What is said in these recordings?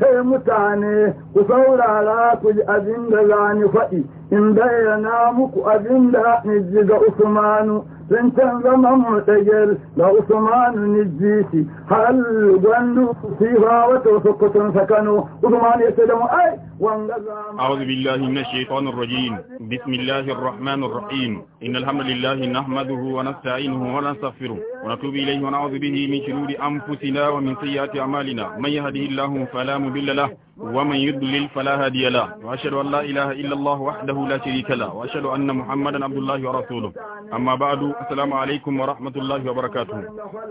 kai mutane ku saurara ku ji abin da za ni faɗi in bayyana muku abin da ni ji ga usmanu sun can zama mutajar da usmanu ni ji shi hal gwandu sifa wata wasu kutun sakano usmanu ya ce da mu ai أعوذ بالله من الشيطان الرجيم بسم الله الرحمن الرحيم إن الحمد لله نحمده ونستعينه ونستغفره ونتوب إليه ونعوذ به من شرور أنفسنا ومن سيئات أعمالنا من يهده الله فلا مضل له ومن يضلل فلا هادي له وأشهد أن لا إله إلا الله وحده لا شريك له وأشهد أن محمدا عبد الله ورسوله أما بعد السلام عليكم ورحمة الله وبركاته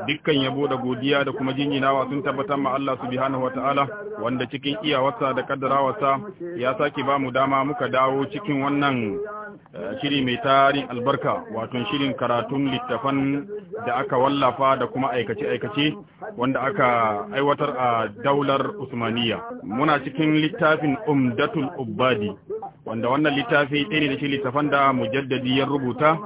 dukkan yabo da godiya da kuma jinjinawa sun tabbatar ma Allah subhanahu wataala wanda cikin iyawarsa da kaddarawarsa ya sake ba mu dama muka dawo cikin wannan eh, shiri mai tarin albarka wato shirin karatun littafan da aka wallafa da kuma aikace-aikace wanda aka aiwatar a daular usmaniya muna cikin littafin umdatul ubadi wanda wannan littafi ɗaya ne da shi littafan da mujaddadi ya rubuta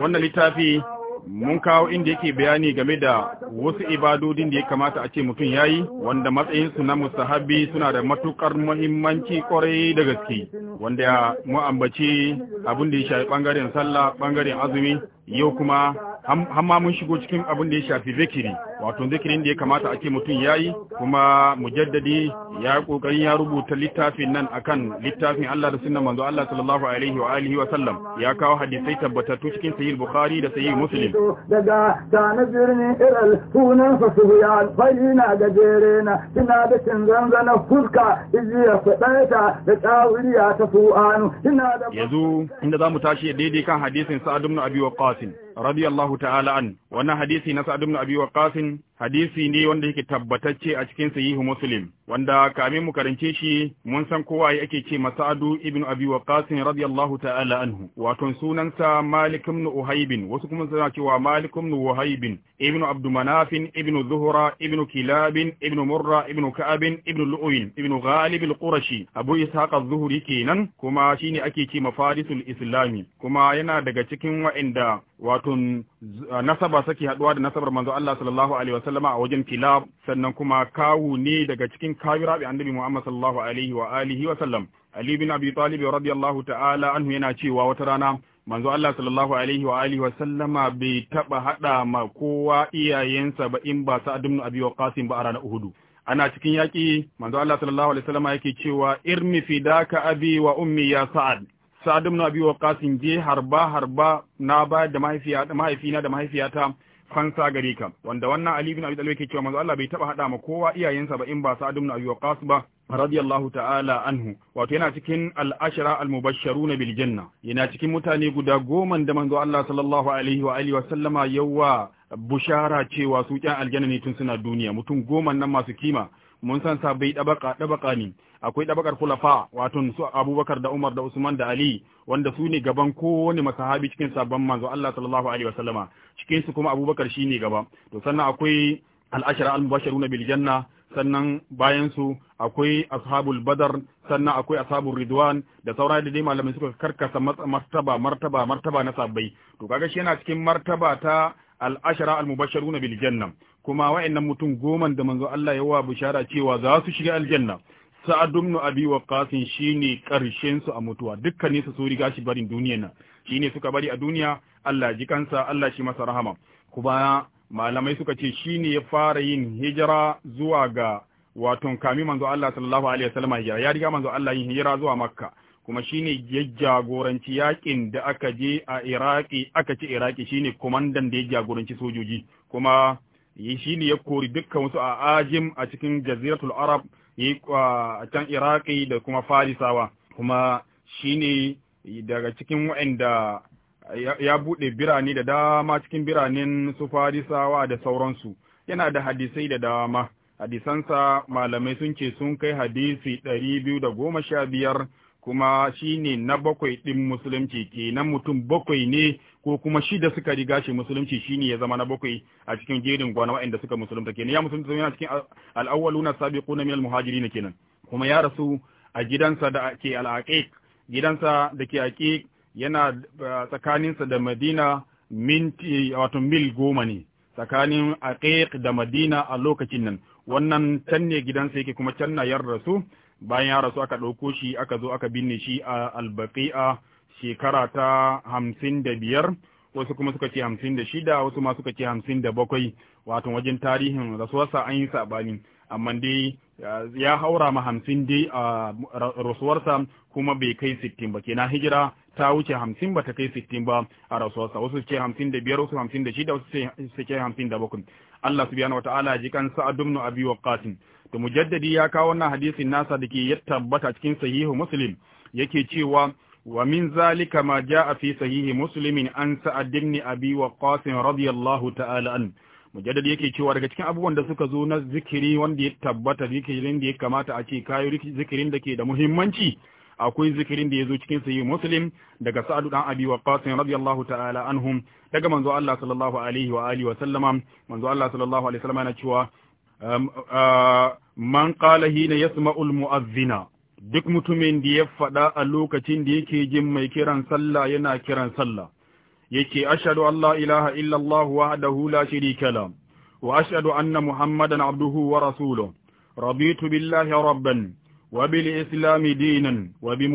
wannan littafi mun kawo inda yake bayani game da wasu ibadodin da ya kamata a ce mutum ya yi wanda matsayinsu na musahabi suna da matukar muhimmanci kwarai da gaske wanda ya mu'ambaci abin da ya shafi bangaren sallah bangaren azumi yau kuma hamma mun shigo cikin abin da ya shafi zikiri wato zikirin da ya kamata ake mutum ya yi kuma mujaddadi ya kokarin ya rubuta littafin nan akan littafin Allah da sunnan manzo Allah sallallahu alaihi wa alihi wa sallam ya kawo hadisai tabbatattu cikin sahih bukhari da sahih muslim daga dana birni iral sunan fa suyan bayina ga jerena kina da cin zanzana fuska ijiya fadaita da tawiriya ta su'anu kina da yanzu inda zamu tashi daidai kan hadisin sa'ad ibn abi waqas radiyallahu ta'ala an wannan hadisi na sa'ad ibn abi waqas um, hadisi ne wanda yake tabbatacce a cikin sahihu muslim wanda kamin mu karance shi mun san kowa ake ce masa'adu ibn abi waqas radiyallahu ta'ala anhu wato sunansa malik ibn uhaybin wasu kuma suna cewa malik ibn uhaybin ibn abd manaf ibn zuhra ibn kilab ibn murra ibn ka'ab ibn lu'ayn ibn ghalib al-qurashi abu ishaq az-zuhri kenan kuma shine ake ce mafarisul islami kuma yana daga cikin wa'inda wato nasaba sake haduwa da nasabar manzo Allah sallallahu alaihi sallama a wajen filab sannan kuma kawu ne daga cikin kawirabi annabi Muhammad sallallahu alaihi wa alihi wa sallam Ali bin Abi Talib radiyallahu ta'ala anhu yana cewa wata rana manzo Allah sallallahu alaihi wa alihi wa sallama bai taba hada ma kowa iyayensa ba in ba Sa'ad ibn Abi Waqqas ba a ranar Uhud ana cikin yaki manzo Allah sallallahu alaihi wa sallama yake cewa irmi fidaka abi wa ummi ya Sa'ad Sa'ad ibn Abi Waqqas je harba harba na ba da mahaifiya da mahaifina da mahaifiyata fansa gare ka wanda wannan Ali bin Abi Talib yake cewa manzo Allah bai taba hada ma kowa iyayensa ba in ba Sa'ad ibn Abi Waqqas ba radiyallahu ta'ala anhu wato yana cikin al-ashra al-mubashsharuna bil janna yana cikin mutane guda goma da manzo Allah sallallahu alaihi wa alihi wa sallama yawa bushara cewa su kyan aljanna ne tun suna duniya mutum goma nan masu kima mun san sa bai dabaka dabaka ne akwai dabakar kulafa wato su Abubakar da Umar da Usman da Ali wanda su ne gaban kowane masahabi cikin sabon manzo Allah sallallahu alaihi wasallama cikin su kuma Abubakar shi ne gaba to sannan akwai al'ashara ashara al-mubashiruna bil janna sannan bayan su akwai ashabul badar sannan akwai ashabul ridwan da saura da dai malamai suka karkasa martaba martaba martaba na sabbai to kaga shi yana cikin martaba ta al'ashara ashara al-mubashiruna bil janna kuma wa'annan mutum goman da manzo Allah ya wa bishara cewa za su shiga aljanna sa'ad nu abi shine karshen su a mutuwa dukkanin su riga shi barin duniya nan shine suka bari a duniya Allah ji kansa Allah shi masa rahama kuma malamai suka ce shine ya fara yin hijira zuwa ga waton kami manzo Allah sallallahu alaihi wasallam hijira ya riga manzo Allah yin hijira zuwa makka kuma shine ya jagoranci yakin da aka je a Iraki aka ci Iraki shine kumandan da ya jagoranci sojoji kuma shine ya kori dukkan wasu a ajim a cikin jaziratul arab yi a can iraki da kuma farisawa kuma shine daga cikin waɗanda ya buɗe birane da dama cikin biranen su farisawa da sauransu yana da hadisai da dama hadisansa malamai sun ce sun kai hadisi ɗari biyu da goma sha biyar kuma shi ne na bakwai ɗin musulunci kenan mutum bakwai ne ko kuma shi da suka riga shi musulunci ne ya zama na bakwai a cikin jerin gwana waɗanda suka musulunta kenan ya musulunta yana cikin al-awwaluna sabiquna min al-muhajirin kenan kuma ya rasu a gidansa da ke al-aqiq gidansa da ke aqiq yana eh, tsakaninsa da Madina minti wato mil goma ne tsakanin aqiq da Madina a lokacin nan wannan can ne gidansa yake kuma can na yar rasu bayan ya rasu aka ɗauko shi aka zo aka binne shi a albaqi'a shekara ta hamsin da biyar wasu kuma suka ce hamsin da shida wasu ma suka ce hamsin da bakwai wato wajen tarihin rasuwarsa an yi saɓani amma dai ya haura ma hamsin dai a rasuwarsa kuma bai kai sittin ba kenan hijira ta wuce hamsin ba ta kai sittin ba a rasuwarsa wasu ce hamsin da biyar wasu hamsin da shida wasu ce hamsin da bakwai Allah subhanahu wa ta'ala ji kan sa'ad ibn abi waqqas to mujaddadi ya kawo wannan hadisin nasa da ke ya tabbata cikin sahihu muslim yake cewa wa min zalika ma jaa fi sahihi muslimin an sa'ad ibn abi waqqas radiyallahu ta'ala an mujaddad yake cewa daga cikin abubuwan da suka zo na zikiri wanda ya tabbata zikirin da ya kamata a ce kayo zikirin da ke da muhimmanci akwai zikirin da ya zo cikin sahihi muslim daga sa'ad dan abi waqqas radiyallahu ta'ala anhum daga manzo Allah sallallahu alaihi wa alihi wa sallama manzo Allah sallallahu alaihi wa sallama yana cewa man qala hina yasma'u al-mu'adhdhina duk mutumin da ya faɗa a lokacin da yake jin mai kiran sallah yana kiran sallah yake ashadu allah la ilaha illallah wahdahu la sharika la wa ashhadu anna muhammadan abduhu wa rasuluhu رضيت بالله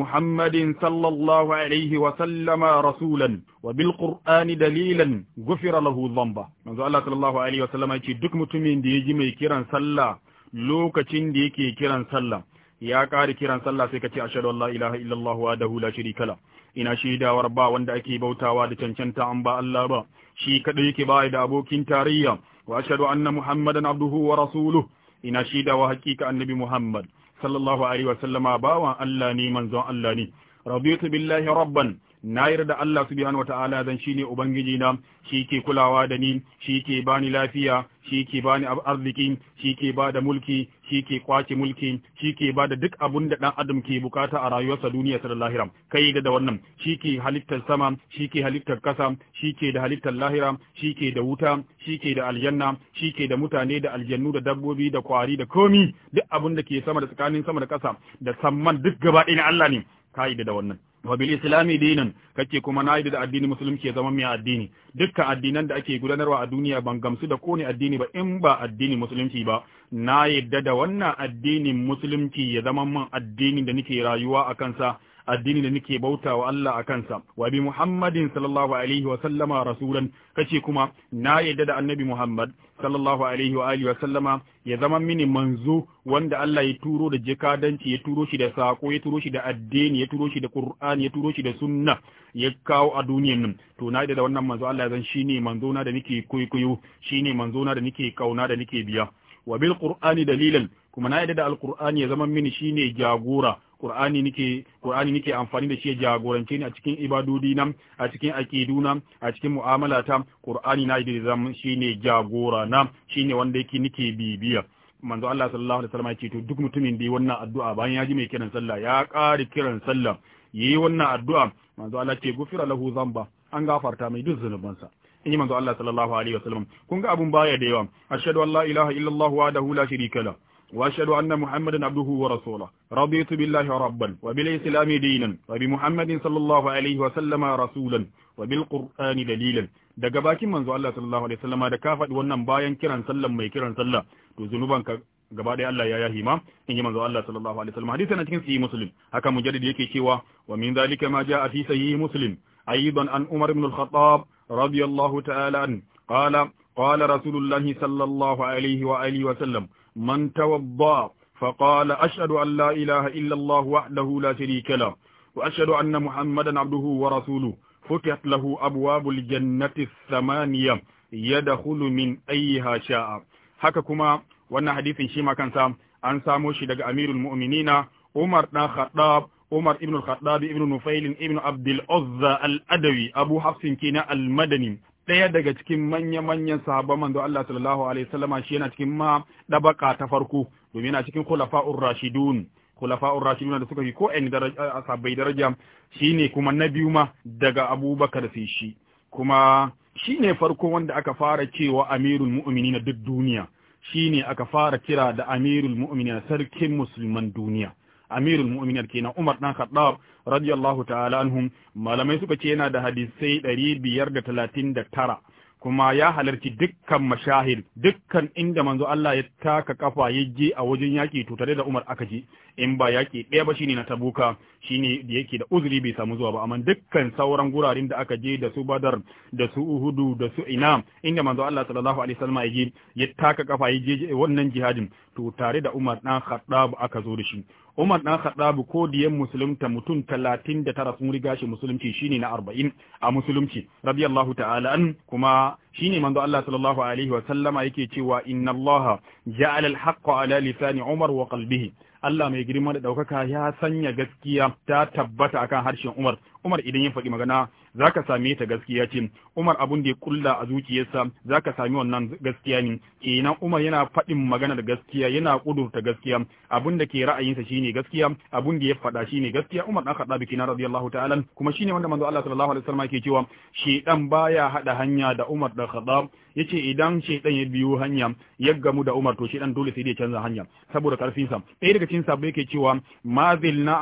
muhammadin sallallahu alaihi wa sallama الله عليه وسلم qur'ani dalilan gufira غفر له الذنب منذ الله صلى الله عليه وسلم duk mutumin da ya ji mai kiran sallah lokacin da yake kiran sallah ya ƙari kiran sallah sai ka ce ashhadu an la ilaha illallah dahu la sharika la ina shaidawar ba wanda ake bautawa da cancanta an ba Allah ba shi kaɗai yake ba da abokin tarayya wa ashhadu anna muhammadan abduhu wa rasuluhu ina shaidawa hakika annabi muhammad sallallahu alaihi wa sallama bawan Allah ne manzon Allah ne raditu billahi rabban na yarda Allah subhanahu wataala zan shine ubangiji na shi ke kulawa da ni shi ke bani lafiya shi ke bani arziki shi ke bada mulki shi ke kwace mulki shi ke bada duk abun da dan adam ke bukata a rayuwarsa duniya ta lahira kai da wannan shi ke halittar sama shi ke halittar kasa shi ke da halittar lahira shi ke da wuta shi ke da aljanna shi ke da mutane da aljannu da dabbobi da kwari da komi duk abun da ke sama da tsakanin sama da kasa da samman duk gaba ɗaya Allah ne kai da wannan wa bil islami dinan kace kuma na da addinin musulunci ya zama mai addini dukkan addinan da ake gudanarwa a duniya ban gamsu da kone addini ba in ba addinin musulunci ba na yi da wannan addinin musulunci ya zama man addinin da nake rayuwa a kansa addini da nake bautawa Allah a kansa wa bi Muhammadin sallallahu alaihi wa sallama rasulan kace kuma na yadda da annabi Muhammad sallallahu alaihi wa alihi wa sallama ya zama mini manzo wanda Allah ya turo da jikadanci ya turo shi da sako ya turo shi da addini ya turo shi da Qur'ani ya turo shi da sunna ya kawo a duniyan nan to na yadda da wannan manzo Allah ya zan shine manzo na da nake kuikuyo shine manzo na da nake kauna da nake biya wa bil Qur'ani dalilan kuma na yadda da alkur'ani ya zama mini shine jagora qur'ani nake qur'ani nake amfani da shi ya jagorance ni a cikin ibadodi na a cikin aqidu na a cikin mu'amala ta qur'ani na da shi shine jagora na shine wanda yake nake bibiya manzo Allah sallallahu alaihi wasallam yake to duk mutumin da yi wannan addu'a bayan ya ji mai kiran sallah ya ƙari kiran sallah yayi wannan addu'a manzo Allah ce gufira lahu zamba an gafarta mai duk zunubansa in yi manzo Allah sallallahu alaihi wasallam kun ga abun baya da yawa ashhadu an la ilaha illallah wahdahu la sharika lahu وأشهد أن محمدا عبده ورسوله رضيت بالله ربا وبالإسلام دينا وبمحمد صلى الله عليه وسلم رسولا وبالقرآن دليلا daga bakin manzo Allah sallallahu alaihi wasallam da ka faɗi wannan bayan kiran sallan mai kiran sallah to zunuban ka gaba ɗaya Allah ya yahi ma in yi manzo Allah sallallahu alaihi wasallam hadisi na cikin sahih muslim haka mujaddid yake cewa wa min zalika ma jaa fi sahih muslim aidan an umar ibn al-khattab radiyallahu ta'ala an qala qala rasulullahi sallallahu alaihi wa alihi wa sallam من توضى فقال أشهد أن لا إله إلا الله وحده لا شريك له وأشهد أن محمدا عبده ورسوله فتحت له أبواب الجنة الثمانية يدخل من أيها شاء حككما وأن حديث شيما كان سام أن سامو دق أمير المؤمنين عمر بن الخطاب عمر ابن الخطاب ابن نفيل ابن عبد العزى الأدوي أبو حفص كنا المدني ɗaya daga cikin manya-manyan sahabban manzo Allah sallallahu alaihi sallama shi yana cikin ma dabaka ta farko domin yana cikin khulafa'ur rashidun khulafa'ur rashidun da suka fi ko ɗan sahabbai daraja shine kuma na biyu ma daga Abubakar sai shi kuma shine farko wanda aka fara cewa amirul mu'minin duk duniya shine aka fara kira da amirul na sarkin musulman duniya amirul mu'minin kenan Umar dan Khattab radiyallahu ta'ala anhum malamai suka ce yana da hadisai 539 kuma ya halarci dukkan mashahir dukkan inda manzo Allah ya taka kafa ya je a wajen yaki to tare da Umar aka je in ba yaki ɗaya ba shine na Tabuka shine da yake da uzuri bai samu zuwa ba amma dukkan sauran guraren da aka je da su Badar da su Uhudu da su Ina inda manzo Allah sallallahu alaihi wasallam ya ya taka kafa yaje wannan jihadin to tare da Umar dan Khattab aka zo da shi Umar dan Khattab ko diyan musulunta mutum 39 sun riga shi musulunci shine na 40 a musulunci radiyallahu ta'ala an kuma shine manzo Allah sallallahu alaihi wasallama yake cewa inna Allah ja'ala al-haqqa ala lisani Umar wa qalbihi Allah mai girma da ɗaukaka ya sanya gaskiya ta tabbata akan harshen Umar Umar idan ya faɗi magana za ka same ta gaskiya ce Umar abun da ya kulla a zuciyarsa za ka sami wannan gaskiya ne kenan Umar yana faɗin magana da gaskiya yana kudurta gaskiya abun da ke ra'ayinsa shine gaskiya abun da ya faɗa shine gaskiya Umar dan Khattab kina radiyallahu ta'ala kuma shine wanda manzo Allah sallallahu alaihi wasallam ke cewa shedan baya hada hanya da Umar dan Khattab ya ce idan shedan ya biyo hanya ya gamu da Umar to shedan dole sai ya canza hanya saboda karfin sa ɗaya daga cikin bai yake cewa ma zilna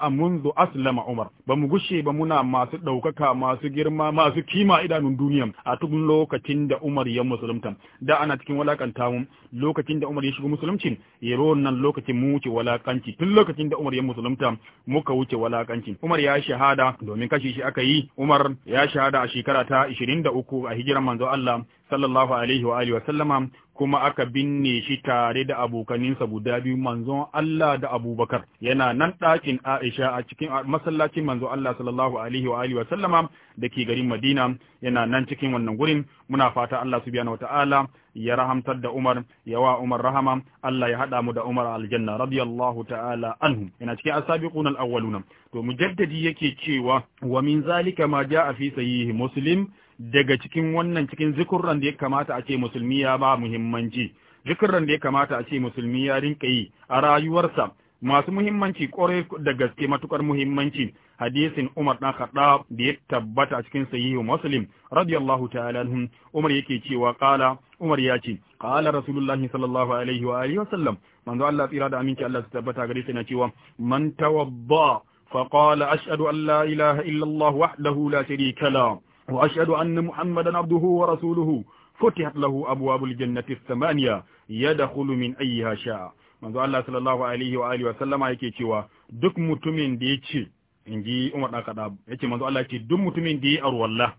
a munzu aslama Umar ba mu gushe ba muna masu ɗaukaka masu girma masu kima idanun duniya a duk lokacin da Umar ya musulunta da ana cikin walakanta mu lokacin da Umar ya shigo musulunci yaro nan lokacin mu wuce walakanci tun lokacin da Umar ya musulunta muka wuce walakanci Umar ya shahada domin kashe shi aka yi Umar ya shahada a shekara ta 23 a hijiran manzo Allah sallallahu alaihi wa alihi wa sallama kuma aka binne shi tare da abokaninsa guda biyu manzon Allah da Abubakar yana nan ɗakin Aisha a cikin masallacin manzon Allah sallallahu alaihi wa alihi wa sallama dake garin Madina yana nan cikin wannan gurin muna fata Allah subhanahu wataala ya rahamtar da Umar ya wa Umar rahama Allah ya hada mu da Umar aljanna radiyallahu ta'ala anhum yana cikin asabiqun al-awwaluna to mujaddadi yake cewa wa min zalika ma jaa fi sahih muslim daga cikin wannan cikin zikurran da ya kamata a ce musulmi ya ba muhimmanci zikurran da ya kamata a ce musulmi ya rinka yi a rayuwarsa masu muhimmanci kore da gaske matukar muhimmanci hadisin Umar dan Khattab da ya tabbata a cikin sahihu Muslim radiyallahu ta'ala anhu Umar yake cewa kala Umar ya ce qala Rasulullahi sallallahu alaihi wa alihi wa sallam manzo Allah tsira da aminci Allah su tabbata gare shi na cewa man tawadda fa qala ashhadu an la ilaha illa Allah wahdahu la sharika وأشهد أن محمدا عبده ورسوله فتحت له أبواب الجنة الثمانية يدخل من أيها شاء manzo Allah sallallahu alaihi wa alihi wa sallama yake cewa duk mutumin da ya ce inji Umar dan Khattab yace manzo Allah ce duk mutumin da ya arwalla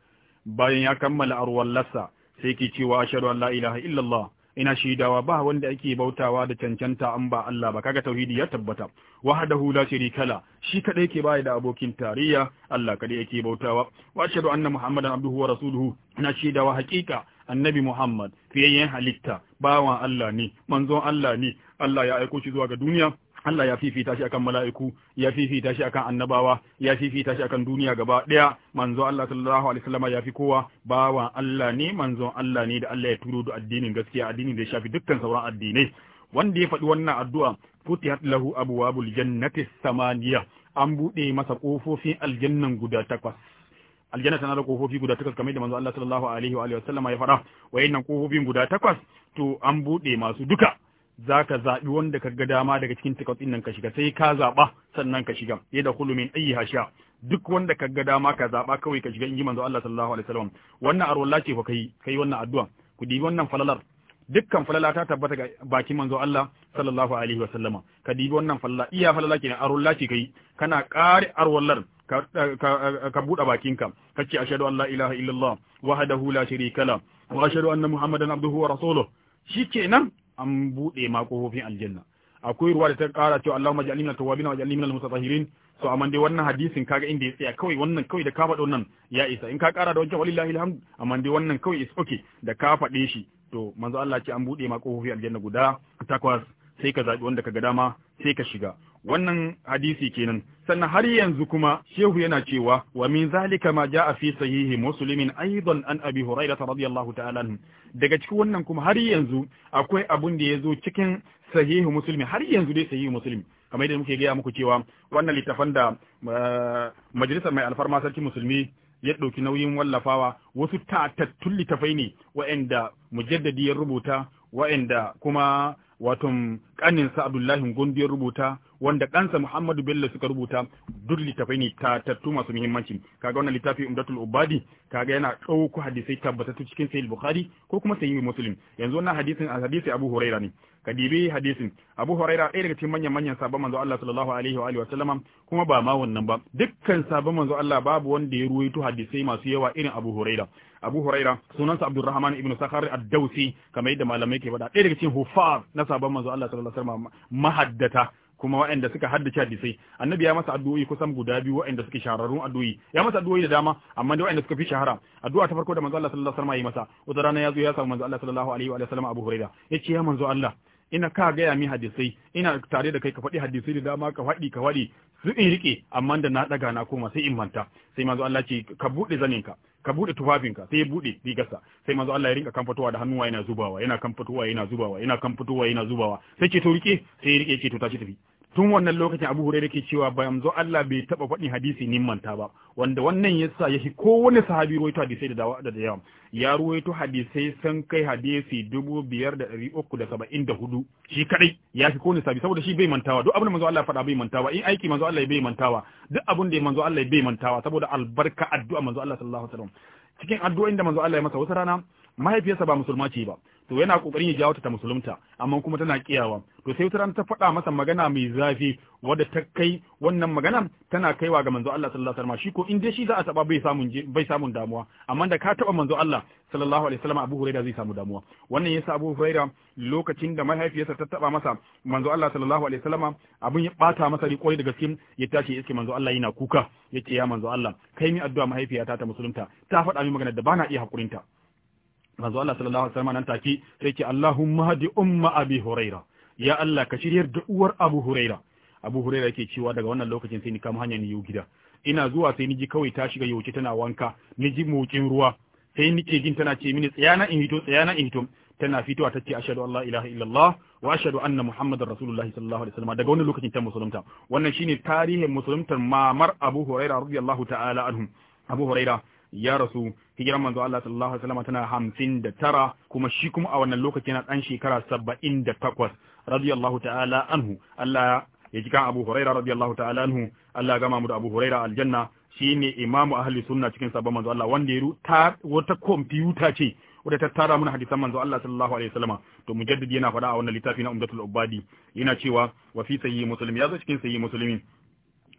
bayan ya kammala arwallarsa sai yake cewa ashhadu an illallah ina shaidawa ba wanda ake bautawa da cancanta an ba Allah ba kaga tauhidi ya tabbata wahdahu la sharika la shi kadai yake bai da abokin tarayya Allah kadai yake bautawa wa ashhadu anna muhammadan abduhu wa rasuluhu ina shaidawa haqiqa annabi muhammad fiyayyen halitta bawan Allah ne manzon Allah ne Allah ya aiko shi zuwa ga duniya Allah ya fifita shi akan mala'iku ya fifita shi akan annabawa ya fifita shi akan duniya gaba ɗaya manzo Allah sallallahu alaihi wasallam ya fi kowa bawa Allah ne manzon Allah ne da Allah ya turo da addinin gaskiya addinin da ya shafi dukkan sauran addinai wanda ya faɗi wannan addu'a futihat lahu wabul jannati samaniya an buɗe masa ƙofofin aljannan guda takwas aljanna tana da kofofi guda takwas kamar da manzo Allah sallallahu alaihi wa ya faɗa wayannan kofofin guda takwas to an buɗe masu duka za ka zaɓi wanda ka ga dama daga cikin tikas ɗin nan ka shiga sai ka zaɓa sannan ka shiga Yadda kullum min ayi hasha duk wanda ka ga dama ka zaɓa kawai ka shiga in ji manzo Allah sallallahu alaihi wasallam wannan arwalla ce fa kai kai wannan addu'a ku dibi wannan falalar dukkan falala ta tabbata ga bakin manzo Allah sallallahu alaihi wasallama ka dibi wannan falala iya falala kenan arwalla ce kai kana ƙari arwallar ka ka buɗe bakinka kace ashhadu an la ilaha illallah wahdahu la sharika la wa ashhadu anna muhammadan abduhu wa rasuluhu shikenan an buɗe ma kofofin aljanna akwai ruwa da ta ƙara cewa Allahumma ja'alni minal tawwabin wa ja'alni minal mutatahhirin to amma dai wannan hadisin kaga inda ya tsaya kawai wannan kawai da ka faɗo nan ya isa in ka ƙara da wancan wallahi alhamd amma dai wannan kawai is okay da ka faɗe shi to manzo Allah ce an buɗe ma kofofi aljanna guda takwas sai ka zabi wanda ka ga dama sai ka shiga wannan hadisi kenan sannan har yanzu kuma shehu yana cewa wa min zalika ma jaa fi sahihi muslimin aidan an abi hurairah radiyallahu ta'ala anhu daga cikin wannan kuma har yanzu akwai abun da yazo cikin sahihi musulmi har yanzu dai sahihi muslim kamar yadda muke gaya muku cewa wannan littafan da eh, majalisar mai alfarma sarki musulmi ya ɗauki nauyin wallafawa wasu tatattun littafai ne wa'anda mujaddadi ya rubuta wa'anda kuma wato sa Abdullahi Gondi ya rubuta wanda kansa Muhammadu Bello suka rubuta duk littafai ne tattu masu muhimmanci kaga wannan littafi Umdatul Ubadi kaga yana ɗauko hadisai tabbatattu cikin Sahih Bukhari ko kuma Sahih Muslim yanzu wannan hadisin a hadisi Abu Huraira ne ka dibi hadisin Abu Huraira ɗaya daga cikin manyan manyan sabon manzo Allah sallallahu alaihi wa alihi wa sallama kuma ba ma wannan ba dukkan sabon manzo Allah babu wanda ya ruwaito hadisai masu yawa irin Abu Huraira Abu Huraira sunansa Abdurrahman ibn Sakhar ad-Dawsi kamar yadda malamai ke faɗa ɗaya daga cikin huffaz na sabon manzo Allah sallallahu alaihi wa sallama mahaddata kuma waɗanda suka haddace hadisai annabi ya masa addu'o'i kusan guda biyu waɗanda suke shahararrun addu'o'i ya masa addu'o'i da dama amma da waɗanda suka fi shahara addu'a ta farko da manzo Allah sallallahu alaihi wasallam ya masa wata rana ya zo ya samu manzo Allah sallallahu alaihi wa sallam Abu Hurairah yace ya manzo Allah ina ka gaya min hadisai ina tare da kai ka faɗi hadisai da dama ka faɗi ka faɗi su in rike amma da na ɗaga na koma sai in manta sai manzo Allah ce ka buɗe zaninka ka buɗe tufafinka sai ya buɗe rigarsa sai manzo Allah ya rinka kan fitowa da hannuwa yana zubawa yana kan fitowa yana zubawa yana kan fitowa yana zubawa sai ce to rike sai ya rike ce to tashi tafi tun wannan lokacin abu da ke cewa bayan zo Allah bai taba faɗin hadisi nin manta ba wanda wannan yasa yake kowane sahabi ruwaito hadisai da dawa da yawa ya ruwaito hadisai san kai hadisi hudu shi kadai ya fi kowane sahabi saboda shi bai mantawa duk abin da manzo Allah faɗa bai mantawa in aiki manzo Allah bai mantawa duk abin da manzo Allah bai mantawa saboda albarka addu'a manzo Allah sallallahu alaihi wasallam cikin addu'o'in da manzo Allah ya masa wata rana mahaifiyarsa ba musulma ce ba to yana kokarin ya jawo ta musulunta amma kuma tana kiyawa to sai wata rana ta faɗa masa magana mai zafi wadda ta kai wannan magana tana kaiwa ga manzo Allah sallallahu alaihi wasallam shi ko in dai shi za a taba bai samun bai samun damuwa amma da ka taba manzo Allah sallallahu alaihi wasallam Abu Hurairah zai samu damuwa wannan yasa Abu Hurairah lokacin da mahaifiyarsa ta taba masa manzo Allah sallallahu alaihi wasallam abun ya bata masa riƙoi da gaske ya tashi iske manzo Allah yana kuka yace ya manzo Allah kai mi addu'a mahaifiyata ta musulunta ta faɗa mi magana da bana iya hakurinta manzo Allah sallallahu alaihi wasallam nan take sai ce Allahumma hadi umma abi huraira ya Allah ka shiryar da uwar abu huraira abu huraira yake cewa daga wannan lokacin sai ni kama hanya ni gida ina zuwa sai ni ji kawai ta shiga yauce tana wanka ni ji ruwa sai nike jin tana ce mini tsayana in hito tsayana in hito tana fitowa ta ce ashhadu an la ilaha illallah wa ashhadu anna muhammadar rasulullahi sallallahu alaihi wasallam daga wannan lokacin ta musulunta wannan shine tarihin musuluntar mamar abu huraira radiyallahu ta'ala anhu abu huraira ya rasu hijirar manzo Allah sallallahu alaihi wasallam tana hamsin da tara kuma shi kuma a wannan lokaci yana dan shekara saba'in da takwas radiyallahu ta'ala anhu Allah ya ji kan Abu Huraira radiyallahu ta'ala anhu Allah gama mu da Abu Huraira aljanna shine imamu ahli sunna cikin sabon manzo Allah wanda ya ta wata computer ce wadda ta tara mana hadisan manzo Allah sallallahu alaihi wasallam to mujaddid yana faɗa a wannan littafi na Umdatul Ubadi yana cewa wa fi sayyi muslim ya zo cikin sayyi muslimin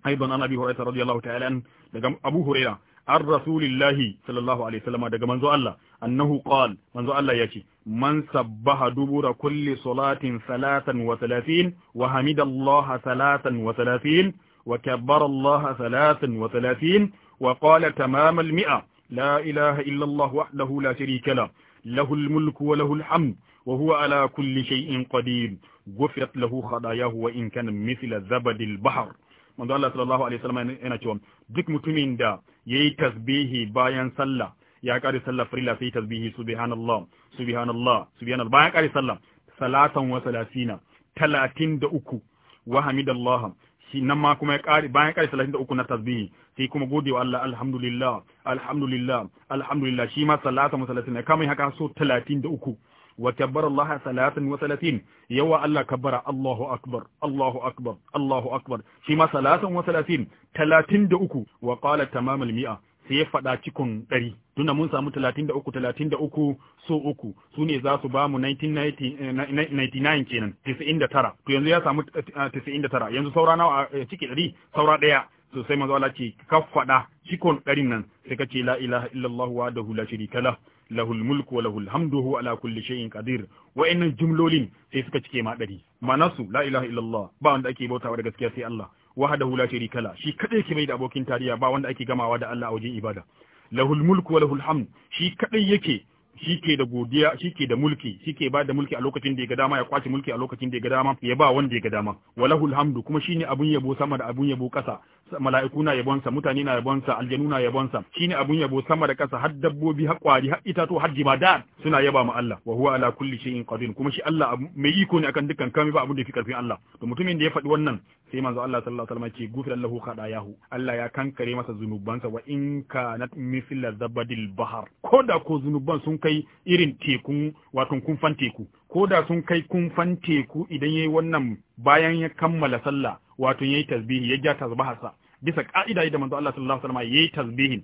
aidan an abi hurairah radiyallahu ta'ala daga abu hurairah an rasulillahi sallallahu alaihi wasallam daga manzo Allah annahu qal manzo Allah yace man sabbaha dubura kulli salatin salatan wa salatin wa hamidallaha salatan wa salatin wa kabbara Allah salatan wa salatin wa qala tamam al-mi'a la ilaha illa Allah wahdahu la sharika lahu له الملك وله الحمد وهو على كل شيء قدير غفرت له wa in كان مثل زبد البحر manzo Allah sallallahu alaihi wasallam yana cewa duk mutumin da yayi tasbihi bayan sallah ya kare sallah farilla sai tasbihi subhanallah subhanallah subhanallah bayan kare sallah salatan wa salasina 33 wa hamidallah shi nan ma kuma ya kare bayan kare salatin da uku na tasbihi sai kuma gode wa Allah alhamdulillah alhamdulillah alhamdulillah shi ma salatan wa salasina kamar haka so talatin da uku. wa kabbara Allah 33 yawa Allah kabbara Allahu akbar Allahu akbar Allahu akbar shi ma 33 33 wa qala tamamul mi'a sai ya faɗa cikon ɗari tunda mun samu da uku so uku su ne za su ba mu 1999 eh, kenan 99 to yanzu ya samu 99 eh, yanzu saura nawa a eh, ciki ɗari saura ɗaya sosai manzo Allah ce ka faɗa cikon ɗarin nan sai ka ce la ilaha illallah wa la sharika lahul mulku wa lahul hamdu huwa ala kulli shay'in qadir wa'annan jumlolin sai suka cike ma dari manasu la ilaha illallah ba wanda ake bautawa da gaskiya sai Allah wahdahu la sharika la shi kadai yake mai da abokin tariya ba wanda ake gamawa da Allah a wajen ibada lahul mulku wa lahul hamd shi kadai yake shike da godiya shike da mulki shike ba da mulki a lokacin da ya ga dama ya kwace mulki a lokacin da ya ga dama ya ba wanda ya ga dama walahul hamdu kuma shine abun yabo sama da abun yabo kasa mala'iku na yabonsa mutane na yabonsa aljanu na yabonsa shine abun yabo sama da kasa har dabbobi har kwari har itatu har jimadan suna yaba ma Allah wa huwa ala kulli shay'in qadir kuma shi Allah mai iko ne akan dukkan kame ba abun da fi karfin Allah to mutumin da ya faɗi wannan sai manzo Allah sallallahu alaihi wasallam ce gufira lahu khadayahu Allah ya kankare masa zunubansa wa in kanat mithla zabadil bahar ko da ko zunuban sun kai irin tekun wato kunfan teku ko da sun kai kunfan teku idan yayi wannan bayan ya kammala sallah wato yayi tasbihi ya ja tasbaharsa bisa ka'ida da manzo Allah sallallahu alaihi wasallam yayi tasbihin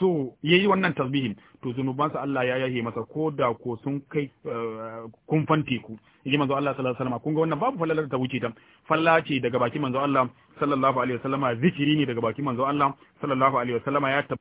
so yayi wannan tasbihin to sa Allah ya yahe masa ko da ko sun kai eh, kun fante ku yayi manzo Allah sallallahu alaihi wasallam kun ga wannan babu fallalar ta wuce ta fallace daga baki manzo Allah sallallahu alaihi wasallam zikiri ne daga baki manzo Allah sallallahu alaihi wasallam ya